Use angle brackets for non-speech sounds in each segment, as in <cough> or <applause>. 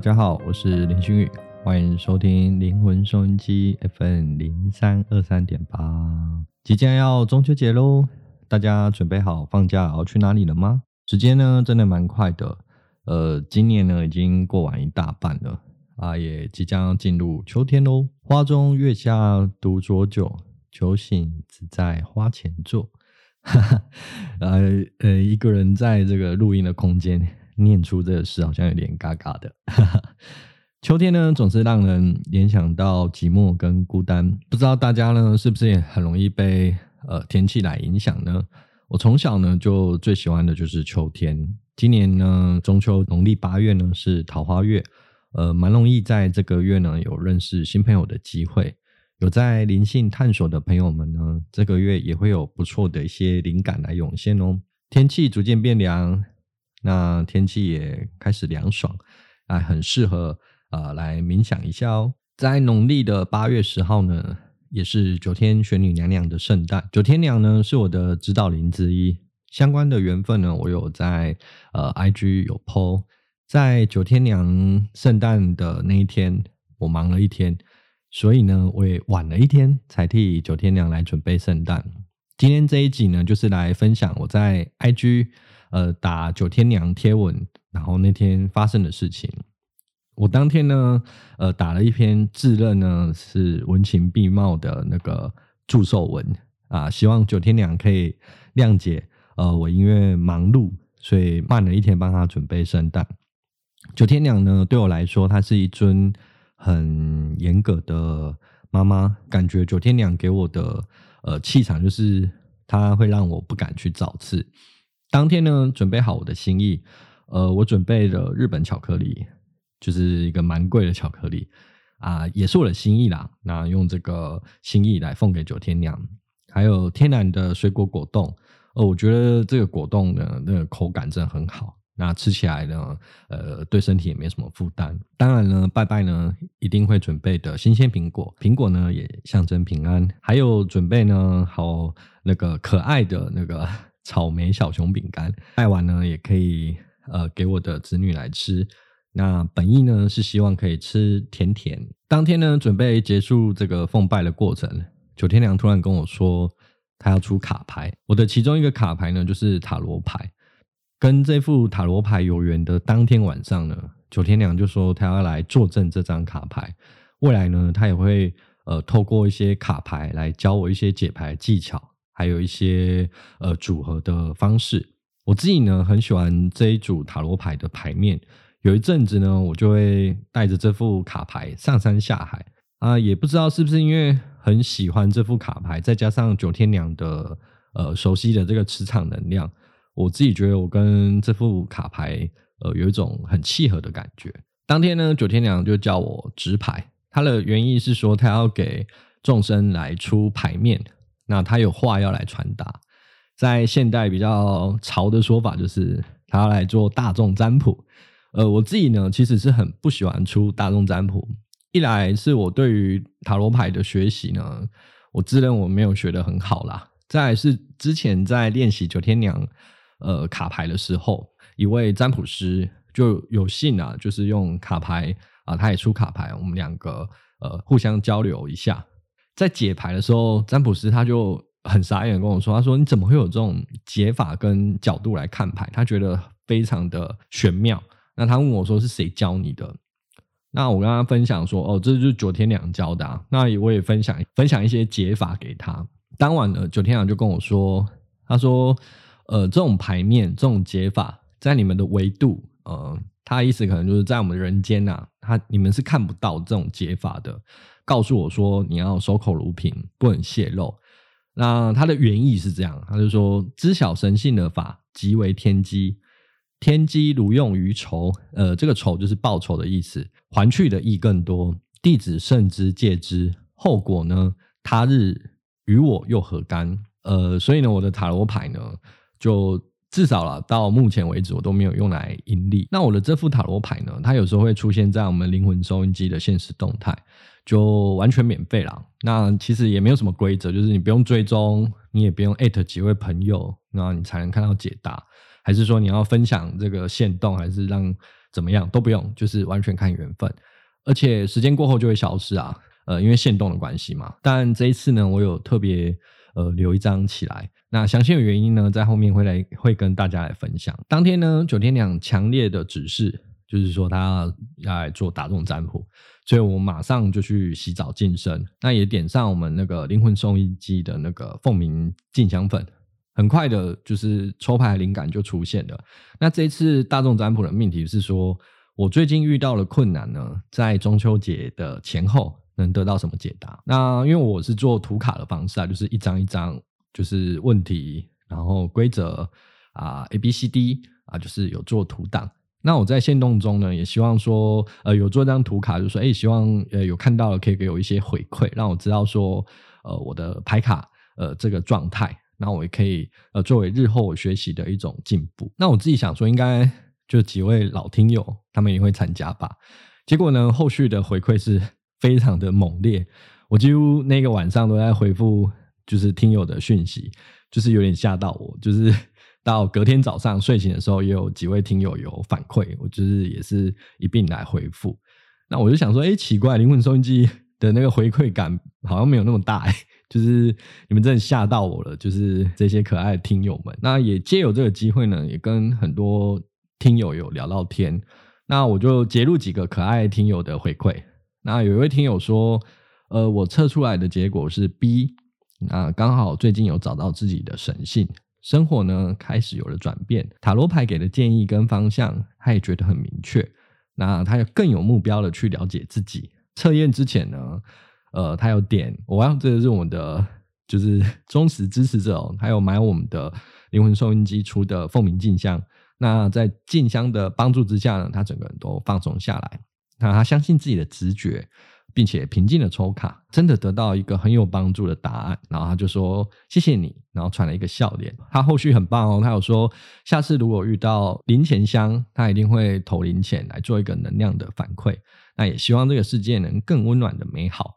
大家好，我是林興裕，歡迎收聽靈魂收音機 FM 零三二三點八。即將要中秋節嘍，大家準備好放假要去哪裡了嗎？時間呢，真的蠻快的。呃，今年呢，已經過完一大半了啊，也即將進入秋天嘍。花中月下獨酌酒，酒醒只在花前坐。哈 <laughs> 哈、呃，呃呃，一個人在這個錄音的空間。念出這個詩好像有點尬尬的。 <laughs> 秋天呢，總是讓人聯想到寂寞跟孤單。不知道大家呢，是不是也很容易被呃天氣來影響呢？我從小呢，就最喜歡的就是秋天。今年呢，中秋農曆八月呢是桃花月，呃，蠻容易在這個月呢有認識新朋友的機會。有在靈性探索的朋友們呢，這個月也會有不錯的一些靈感來湧現哦。天氣逐漸變涼。那天氣也開始涼爽，啊，很適合啊，來冥想一下哦。在農曆的八月十號呢，也是九天玄女娘娘的聖誕。九天娘呢是我的指導靈之一，相關的緣分呢，我有在呃 I G 有 PO。在九天娘聖誕的那一天，我忙了一天，所以呢，我也晚了一天才替九天娘來準備聖誕。今天這一集呢，就是來分享我在 I G。呃，打九天娘貼文，然後那天發生的事情，我當天呢，呃，打了一篇自認呢是文情並茂的那個祝壽文啊，呃，希望九天娘可以諒解。呃，我因為忙碌，所以慢了一天幫她準備聖誕。九天娘呢，對我來說，她是一尊很嚴格的媽媽，感覺九天娘給我的呃氣場，就是她會讓我不敢去造次。當天呢，準備好我的心意，呃，我準備了日本巧克力，就是一個蠻貴的巧克力啊，呃，也是我的心意啦。那用這個心意來奉給九天娘，還有天然的水果果凍。呃，我覺得這個果凍呢，那個口感真的很好，那吃起來呢，呃，對身體也沒什麼負擔。當然了，拜拜呢，一定會準備的新鮮蘋果，蘋果呢也象徵平安。還有準備呢，好那個可愛的那個。草莓小熊餅乾賣完呢，也可以呃給我的子女來吃。那本意呢是希望可以吃甜甜。當天呢，準備結束這個奉拜的過程，九天娘突然跟我說他要出卡牌。我的其中一個卡牌呢就是塔羅牌，跟這副塔羅牌有緣的當天晚上呢，九天娘就說他要來坐鎮這張卡牌。未來呢，他也會呃透過一些卡牌來教我一些解牌技巧。還有一些呃組合的方式，我自己呢很喜歡這一組塔羅牌的牌面。有一陣子呢，我就會帶着這副卡牌上山下海啊，也不知道是不是因為很喜歡這副卡牌，再加上九天娘的呃熟悉的這個磁場能量，我自己覺得我跟這副卡牌呃有一種很契合的感覺。當天呢，九天娘就叫我直牌，他的原意是說他要給眾生來出牌面。那他有話要來傳達，在現代比較潮的說法，就是他要來做大眾占卜。呃，我自己呢，其實是很不喜歡出大眾占卜。一來是我對於塔羅牌的學習呢，我自認我沒有學得很好啦。再來是之前在練習九天娘呃卡牌的時候，一位占卜師就有信啊，就是用卡牌啊，他也出卡牌，我們兩個呃互相交流一下。在解牌的時候，占卜師他就很傻眼，跟我說：“他說你怎麼會有這種解法跟角度來看牌？他覺得非常的玄妙。”那他問我說：“是誰教你的？”那我跟他分享說：“哦，這是就是九天娘教的、啊。”那我也分享分享一些解法給他。當晚呢，九天娘就跟我說：“他說，呃，這種牌面，這種解法，在你們的維度，呃。”他的意思可能就是在我們人間吶、啊，他你們是看不到這種解法的。告訴我說你要守口如瓶，不能泄露。那他的原意是這樣，他就說：知曉神性的法，即為天機。天機如用於仇，呃，這個仇就是報仇的意思，還去的意更多。弟子慎之戒之，後果呢？他日與我又何干？呃，所以呢，我的塔羅牌呢，就。至少了，到目前為止我都沒有用來盈利。那我的這副塔羅牌呢？它有時候會出現在我們靈魂收音機的限時動態，就完全免費了。那其實也沒有什麼規則，就是你不用追蹤，你也不用艾特幾位朋友，然後你才能看到解答，還是說你要分享這個限動，還是讓怎麼樣都不用，就是完全看緣分。而且時間過後就會消失啊，呃，因為限動的關係嘛。但這一次呢，我有特別。呃，留一張起來。那詳細的原因呢，在後面會來會跟大家來分享。當天呢，九天娘強烈的指示，就是說他要來做大眾占卜，所以我馬上就去洗澡淨身，那也點上我們那個靈魂收音機的那個鳳鳴淨香粉。很快的，就是抽牌靈感就出現了。那這一次大眾占卜的命題是說，我最近遇到了困難呢，在中秋節的前後。能得到什麼解答？那因為我是做圖卡的方式啊，就是一張一張，就是問題，然後規則啊，A B C D 啊，就是有做圖檔。那我在限動中呢，也希望說，呃，有做這張圖卡，就是說，哎、欸，希望呃有看到了可以給我一些回饋，讓我知道說，呃，我的牌卡呃這個狀態，那我也可以呃作為日後我學習的一種進步。那我自己想說，應該就幾位老聽友他們也會參加吧。結果呢，後續的回饋是。非常的猛烈，我幾乎那個晚上都在回覆，就是聽友的訊息，就是有點嚇到我。就是到隔天早上睡醒的時候，也有幾位聽友有反饋，我就是也是一併來回覆。那我就想說，哎、欸，奇怪，靈魂收音機的那個回饋感好像沒有那麼大，欸，就是你們真的嚇到我了，就是這些可愛的聽友們。那也借由這個機會呢，也跟很多聽友有聊到天。那我就截錄幾個可愛聽友的回饋。那有一位聽友說，呃，我測出來的結果是 B，那剛好最近有找到自己的神性，生活呢開始有了轉變。塔羅牌給的建議跟方向，他也覺得很明確。那他有更有目標的去了解自己。測驗之前呢，呃，他有點，我要這個、是我的就是忠實支持者、哦，還有買我們的靈魂收音機出的鳳鳴靜香。那在靜香的幫助之下呢，他整個人都放鬆下來。他相信自己的直覺，並且平靜的抽卡，真的得到一個很有幫助的答案。然後他就說：“謝謝你。”然後傳了一個笑臉。他後續很棒哦，他有說下次如果遇到零錢箱，他一定會投零錢來做一個能量的反饋。那也希望這個世界能更溫暖的美好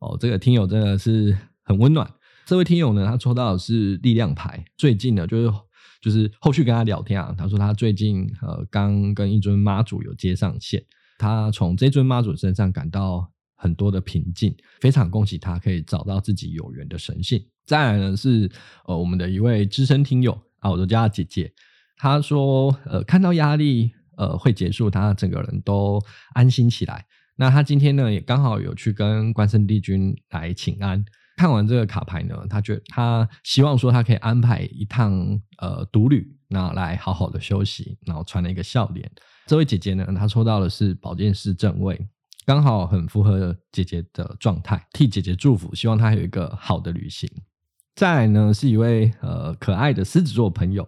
哦。這個聽友真的是很溫暖。這位聽友呢，他抽到的是力量牌。最近呢，就是就是後續跟他聊天啊，他說他最近呃剛跟一尊媽祖有接上線。他從這尊媽祖身上感到很多的平靜，非常恭喜他可以找到自己有緣的神性。再來呢是呃我們的一位資深聽友啊，我的家姐姐，她說呃看到壓力呃會結束，她整個人都安心起來。那她今天呢也剛好有去跟關聖帝君來請安，看完這個卡牌呢，她覺她希望說她可以安排一趟呃獨旅，然後來好好的休息，然後傳了一個笑臉。這位姐姐呢，她抽到的是寶劍侍正位，剛好很符合姐姐的狀態，替姐姐祝福，希望她有一個好的旅行。再來呢，是一位呃可愛的獅子座朋友，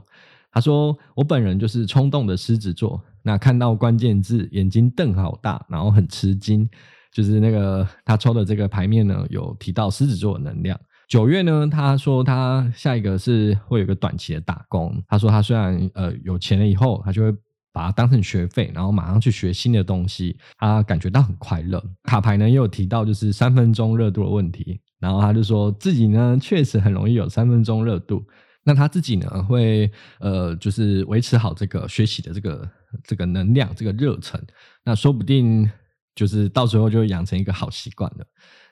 他說：“我本人就是衝動的獅子座，那看到關鍵字眼睛瞪好大，然後很吃驚，就是那個他抽的這個牌面呢，有提到獅子座的能量。九月呢，他說他下一個是會有個短期的打工，他說他雖然呃有錢了以後，他就會。”把它當成學費，然後馬上去學新的東西，他感覺到很快樂。卡牌呢也有提到，就是三分鐘熱度的問題，然後他就說自己呢確實很容易有三分鐘熱度，那他自己呢會呃就是維持好這個學習的這個這個能量、這個熱忱，那說不定就是到時候就養成一個好習慣了。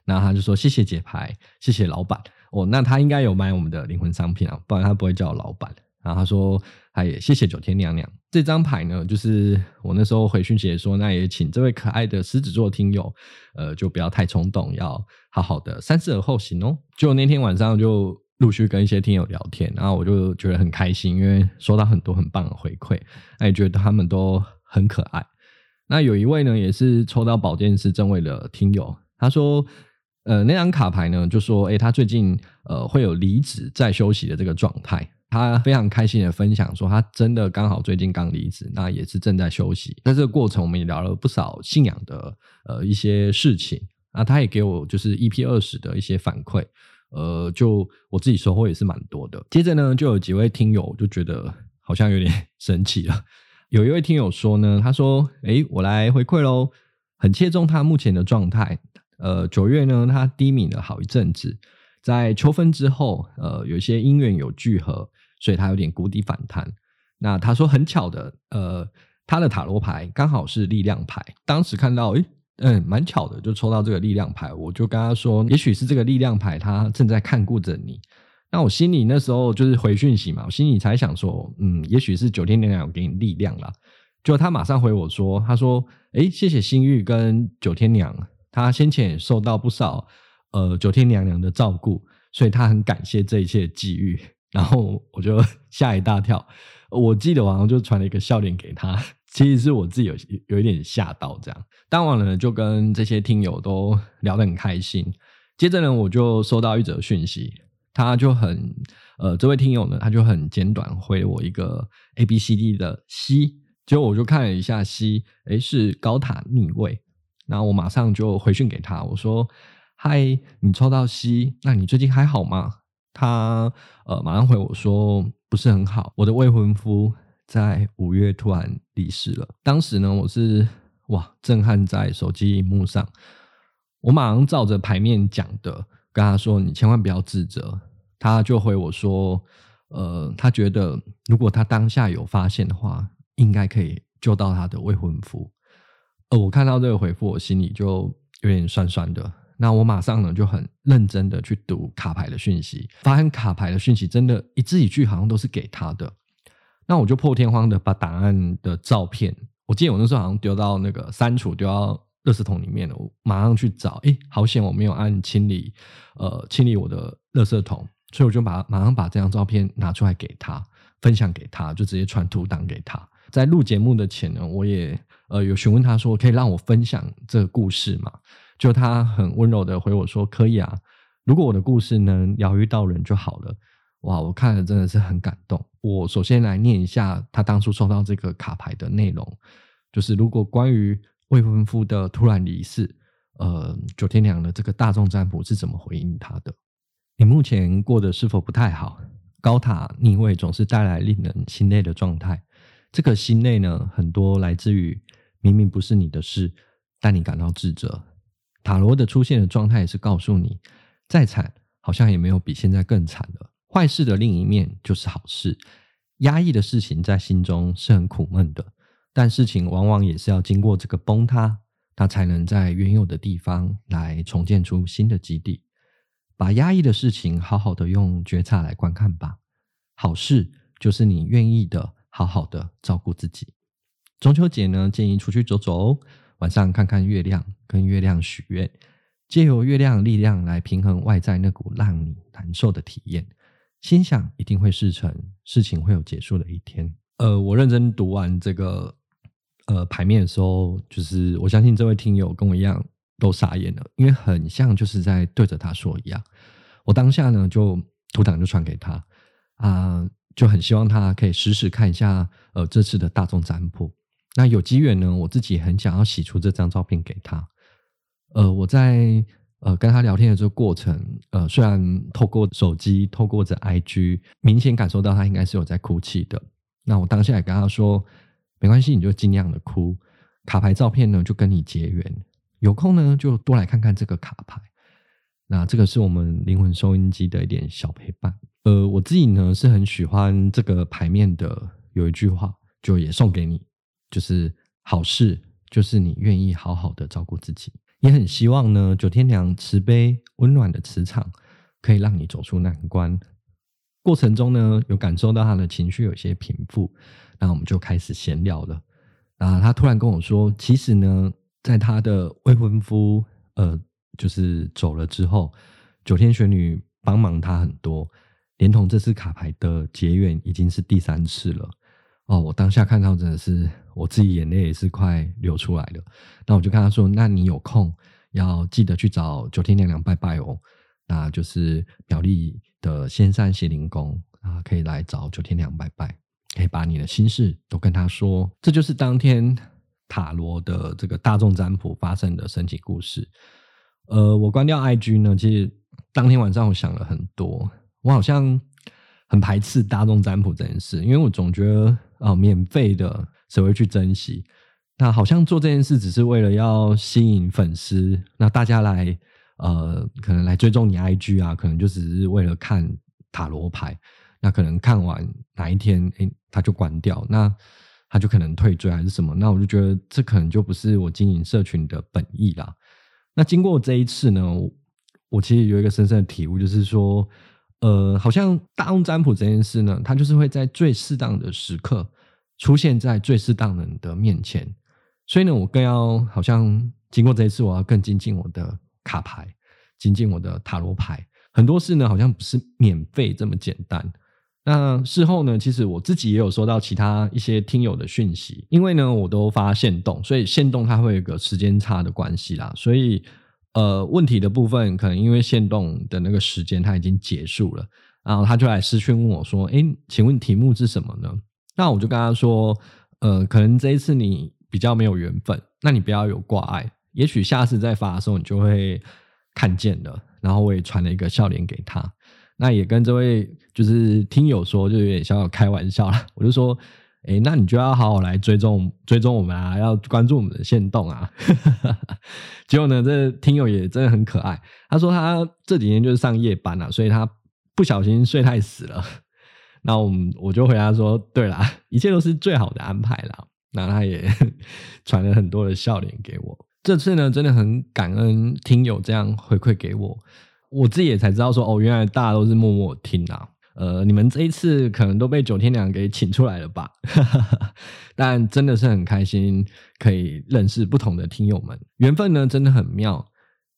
然後他就說謝謝解牌，謝謝老闆。哦，那他應該有買我們的靈魂商品啊，不然他不會叫我老闆。然後他說。哎，還謝謝九天娘娘這張牌呢，就是我那時候回訊息也說，那也請這位可愛的獅子座的聽友，呃，就不要太衝動，要好好的三思而後行哦、喔。就那天晚上就陸續跟一些聽友聊天，然後我就覺得很開心，因為收到很多很棒的回饋，哎，覺得他們都很可愛。那有一位呢，也是抽到寶劍是正位的聽友，他說，呃，那張卡牌呢，就說，誒、欸、他最近呃會有離職在休息的這個狀態。他非常開心的分享說，他真的剛好最近剛離職，那也是正在休息。那這個過程我們也聊了不少信仰的呃一些事情。那他也給我就是 EP 二十的一些反饋，呃，就我自己收穫也是蠻多的。接着呢，就有幾位聽友就覺得好像有點神奇了。有一位聽友說呢，他說：“誒、欸，我來回饋嘍，很切中他目前的狀態。呃，九月呢，他低迷了好一陣子，在秋分之後，呃，有一些因緣有聚合。”所以他有點谷底反彈。那他說很巧的，呃，他的塔羅牌剛好是力量牌。當時看到，誒、欸、嗯，蠻巧的，就抽到這個力量牌。我就跟他說，也許是這個力量牌，他正在看顧着你。那我心裡那時候就是回訊息嘛，我心裡才想說，嗯，也許是九天娘娘有給你力量了。結果他馬上回我說，他說，誒、欸，謝謝心玉跟九天娘娘，他先前也受到不少呃九天娘娘的照顧，所以他很感謝這一切機遇。然後我就嚇一大跳，我記得我好像就傳了一個笑臉給他，其實是我自己有有一點嚇到這樣。當晚呢，就跟這些聽友都聊得很開心。接着呢，我就收到一則訊息，他就很呃，這位聽友呢，他就很簡短回我一個 A B C D 的 C，結果我就看了一下 C，誒，是高塔逆位。然後我馬上就回訊給他，我說：“嗨，你抽到 C，那你最近還好嗎？”他呃，馬上回我說不是很好，我的未婚夫在五月突然離世了。當時呢，我是哇，震撼在手機熒幕上。我馬上照着牌面講的跟他說：“你千萬不要自責。”他就回我說：“呃，他覺得如果他當下有發現的話，應該可以救到他的未婚夫。”呃，我看到這個回復，我心裡就有點酸酸的。那我馬上呢就很認真的去讀卡牌的訊息，發現卡牌的訊息真的一字一句好像都是給他的。那我就破天荒的把檔案的照片，我記得我那時候好像丟到那個刪除，丟到垃圾桶裡面了。我馬上去找，哎，好險我沒有按清理，呃，清理我的垃圾桶，所以我就把馬上把這張照片拿出來給他，分享給他，就直接傳圖檔給他。在錄節目的前呢，我也呃有詢問他說，可以讓我分享這個故事嗎？就他很溫柔的回我說：“可以啊，如果我的故事能療癒到人就好了。”哇，我看了真的是很感動。我首先來念一下他當初收到這個卡牌的內容，就是如果關於未婚夫的突然離世，呃，九天娘的這個大眾占卜是怎麼回應他的？你目前過得是否不太好？高塔逆位總是帶來令人心累的狀態，這個心累呢，很多來自於明明不是你的事，但你感到自責。塔羅的出現的狀態也是告訴你，再慘好像也沒有比現在更慘了。壞事的另一面就是好事，壓抑的事情在心中是很苦悶的，但事情往往也是要經過這個崩塌，它才能在原有的地方來重建出新的基地。把壓抑的事情好好的用覺察來觀看吧。好事就是你願意的，好好的照顧自己。中秋節呢，建議出去走走哦。晚上看看月亮，跟月亮許願，借由月亮的力量來平衡外在那股讓你難受的體驗，心想一定會事成，事情會有結束的一天。呃，我認真讀完這個呃牌面的時候，就是我相信這位聽友跟我一樣都傻眼了，因為很像就是在對着他說一樣。我當下呢就圖檔就傳給他，啊、呃，就很希望他可以即時看一下，呃，這次的大眾占卜。那有機緣呢，我自己很想要洗出這張照片給他。呃，我在呃跟他聊天的這個過程，呃，雖然透過手機、透過這 IG，明顯感受到他應該是有在哭泣的。那我當下也跟他說：“沒關係，你就儘量的哭。卡牌照片呢，就跟你結緣。有空呢，就多來看看這個卡牌。”那這個是我們靈魂收音機的一點小陪伴。呃，我自己呢是很喜歡這個牌面的，有一句話就也送給你。就是好事，就是你願意好好的照顧自己，也很希望呢，九天娘慈悲溫暖的磁場，可以讓你走出難關。過程中呢，有感受到他的情緒有些平復，那我們就開始閒聊了。啊，他突然跟我說，其實呢，在他的未婚夫呃，就是走了之後，九天玄女幫忙他很多，連同這次卡牌的結緣，已經是第三次了。哦，我當下看到真的是我自己眼淚也是快流出來了。那我就跟他說：“那你有空要記得去找九天娘娘拜拜哦，那就是苗栗的仙山協靈宮啊，可以來找九天娘拜拜，可以把你的心事都跟他說。”這就是當天塔羅的這個大眾占卜發生的神奇故事。呃，我關掉 IG 呢，其實當天晚上我想了很多，我好像很排斥大眾占卜這件事，因為我總覺得。啊、呃，免費的誰會去珍惜？那好像做這件事只是為了要吸引粉絲，那大家來呃，可能來追蹤你 IG 啊，可能就只是為了看塔羅牌，那可能看完哪一天哎、欸、他就關掉，那他就可能退追還是什麼？那我就覺得這可能就不是我經營社群的本意啦。那經過這一次呢，我，我其實有一個深深的體悟，就是說。呃，好像大眾占卜這件事呢，它就是會在最適當的時刻出現在最適當人的面前。所以呢，我更要好像經過這一次，我要更精進，進我的卡牌，精進，進我的塔羅牌。很多事呢，好像不是免費這麼簡單。那事後呢，其實我自己也有收到其他一些聽友的訊息，因為呢，我都發限動，所以限動它會有一個時間差的關係啦。所以。呃，問題的部分可能因為限動的那個時間它已經結束了，然後他就來私訊問我說：“哎、欸，請問題目是什麼呢？”那我就跟他說：“呃，可能這一次你比較沒有緣分，那你不要有掛礙，也許下次再發的時候你就會看見了。」然後我也傳了一個笑臉給他，那也跟這位就是聽友說，就有點小小開玩笑啦，我就說。哎，那你就要好好來追蹤追蹤我們啊，要關注我們的限動啊。哈哈哈，結果呢，這聽友也真的很可愛，他說他這幾天就是上夜班了、啊，所以他不小心睡太死了。 <laughs> 那我們我就回答說，對啦，一切都是最好的安排啦。 <laughs> 那他也 <laughs> 傳了很多的笑臉給我。這次呢，真的很感恩聽友這樣回饋給我，我自己也才知道說，哦，原來大家都是默默聽啊。呃，你們這一次可能都被九天娘給請出來了吧？哈哈哈，但真的是很開心，可以認識不同的聽友們，緣分呢真的很妙。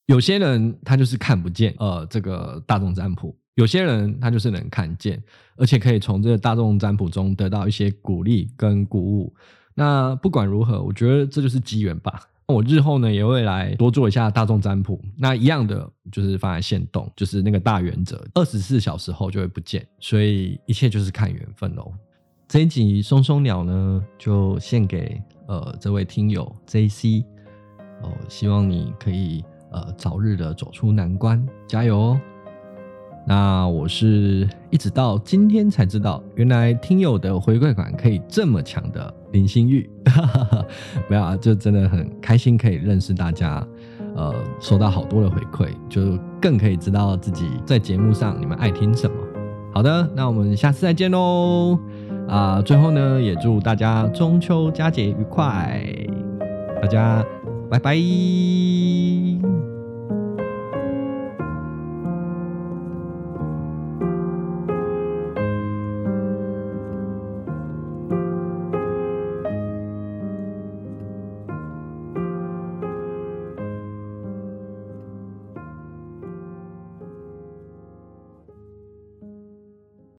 有些人他就是看不見，呃，這個大眾占卜；有些人他就是能看見，而且可以從這個大眾占卜中得到一些鼓勵跟鼓舞。那不管如何，我覺得這就是機緣吧。那我日後呢也會來多做一下大眾占卜，那一樣的。就是放在限動，就是那個大原則，二十四小時後就會不見，所以一切就是看緣分哦。這一集鬆鬆聊呢，就獻給呃這位聽友 JC 哦、呃，希望你可以呃早日的走出難關，加油哦！那我是一直到今天才知道，原來聽友的回饋感可以這麼強的林興裕，哈哈，沒有啊，就真的很開心可以認識大家。呃，收到好多的回饋，就更可以知道自己在節目上你們愛聽什麼。好的，那我們下次再見嘍！啊、呃，最後呢，也祝大家中秋佳節愉快，大家拜拜。